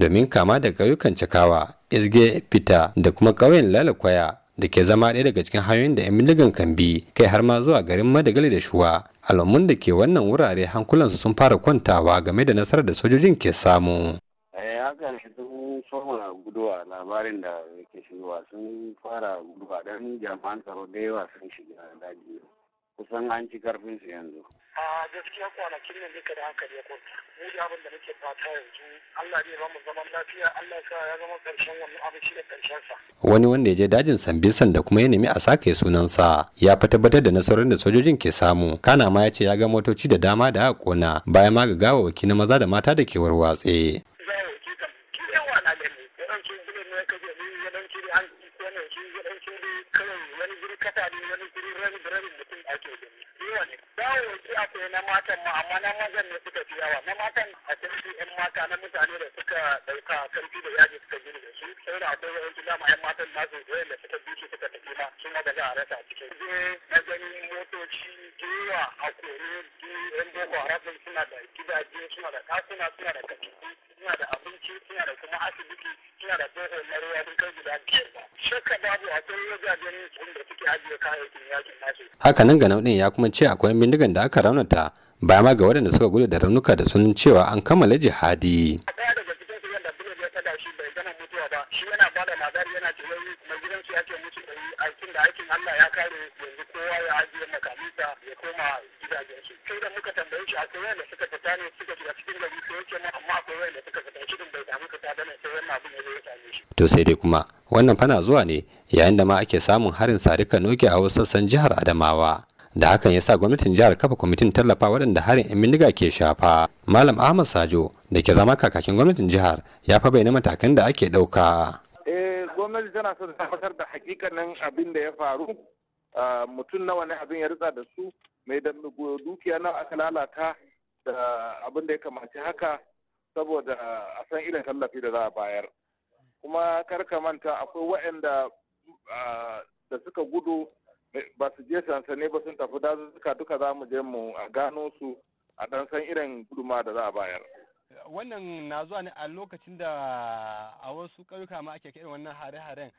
domin kama da ƙauyukan cakawa isge fita da kuma ƙauyen lalakwaya da ke zama ɗaya daga cikin hanyoyin da 'yan miligan kan bi kai har ma zuwa garin madagali da shuwa alamun da ke wannan wurare hankulansu sun fara kwantawa game da nasarar da sojojin ke samu. Eh, sun guduwa labarin da ke shigowa sun fara guduwa don jami'an tsaro da yawa sun shiga daji kusan an ci karfin su yanzu. a gaskiya kwanakin nan duka da hankali ya kwanta mu da abin da muke fata yanzu Allah ne ba mu zaman lafiya Allah sa ya zama karshen wannan abin shi da karshen sa wani wanda ya je dajin Sambisan da kuma ya nemi a sake sunansa ya fi tabbatar da nasarorin da sojojin ke samu kana ma ya ce ya ga motoci da dama da aka kona bayan ma ga gawawaki na maza da mata da ke warwatse ne wani ake da yawa ne akwai na matan ma amma na mazan ne suka fi yawa na matan a sarki yan mata na mutane da suka ɗauka karfi da yaji suka gini da su sai da akwai wa'yansu dama yan matan nasu da suka bi su ta suna da za ta rasa cikin zai eh, na gani motoci da a kore yan boko harafin suna da gidaje suna da kasuna suna da katiku suna da abinci suna da kuma asibiti suna da boho na ruwa duk kai guda biyar ba shakka babu akwai wajajen da suke ajiye kayayyakin yakin nasu. haka nan ganau ɗin ya kuma ce akwai bindigan da aka raunata ba ma ga waɗanda suka gudu da raunuka da sunan cewa an kammala jihadi. mai gidan su ake musu ɗari aikin da aikin Allah ya kare yanzu kowa ya ajiye makamisa ya koma gidajensu. Sai da muka tambaye shi akwai wanda suka fita ne suka shiga cikin gari ko yake ma amma akwai wanda suka fita cikin bai samu fita bane sai wannan abin ya zo ya same shi. To sai dai kuma wannan fana zuwa ne yayin da ma ake samun harin sarika noke a wasu sassan jihar Adamawa. da hakan ya sa gwamnatin jihar kafa kwamitin tallafa waɗanda harin 'yan bindiga ke shafa malam ahmad sajo da ke zama kakakin gwamnatin jihar ya fa bayyana matakan da ake ɗauka gwamnati tana so ta tabbatar da hakikanin abin da ya faru mutum nawa ne abin ya ritsa da su mai da dukiya nawa aka lalata da abin da ya kamaci haka saboda a san irin tallafi da za a bayar kuma kar ka manta akwai wa'anda da suka gudu ba su je sansani ba sun tafi dazuzzuka duka za mu je mu gano su a dan san irin guduma da za a bayar. wannan na zuwa ne a lokacin da a wasu ƙauyuka ma ake kai wannan hare-haren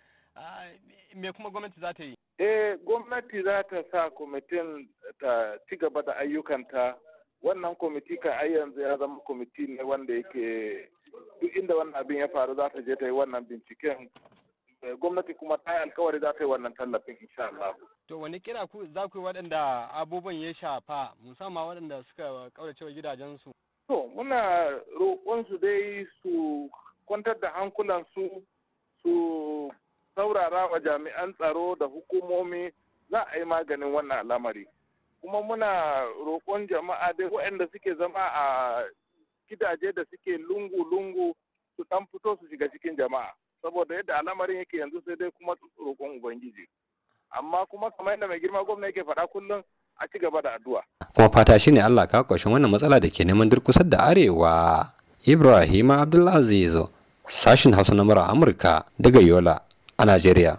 me kuma gwamnati za ta yi eh gwamnati za ta sa kwamitin ta ci gaba da ayyukanta wannan kwamiti ka ai yanzu ya zama kwamiti ne wanda yake duk inda wannan abin ya faru za ta je ta yi wannan binciken eh, gwamnati kuma ta yi alkawari za ta yi wannan tallafin insha Allah. To wani kira ku za ku yi waɗanda abubuwan ya shafa musamman waɗanda suka ƙaurace gidajensu? To, muna roƙonsu dai su kwantar da hankulansu su saurara wa jami'an tsaro da hukumomi za a yi maganin wannan al'amari. Kuma muna roƙon jama'a dai waɗanda suke zama a gidaje da suke lungu-lungu su ɗan fito su shiga cikin jama'a. Saboda yadda al'amarin yake yanzu sai dai kuma roƙon Ubangiji. Amma kuma kamar yadda mai girma gwamna yake faɗa kullum a ci gaba da addu'a kuma fata shi ne Allah ka ƙarshen wannan matsala da ke neman durkusar da arewa Ibrahim Abdulaziz sashin Hausa na Amurka daga Yola a Najeriya